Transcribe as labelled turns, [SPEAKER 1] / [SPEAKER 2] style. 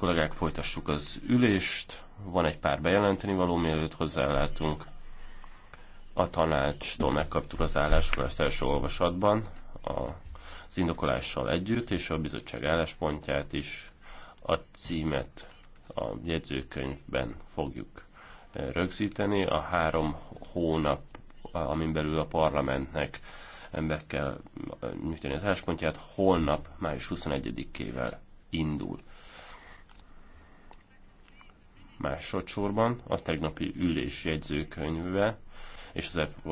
[SPEAKER 1] kollégák, folytassuk az ülést. Van egy pár bejelenteni való, mielőtt hozzálátunk. A tanácstól megkaptuk az állásfoglalást első olvasatban az indokolással együtt, és a bizottság álláspontját is a címet a jegyzőkönyvben fogjuk eh, rögzíteni. A három hónap, amin belül a parlamentnek be kell eh, nyújtani az álláspontját, holnap, május 21-ével indul. Másodszorban a tegnapi ülés
[SPEAKER 2] jegyzőkönyve és az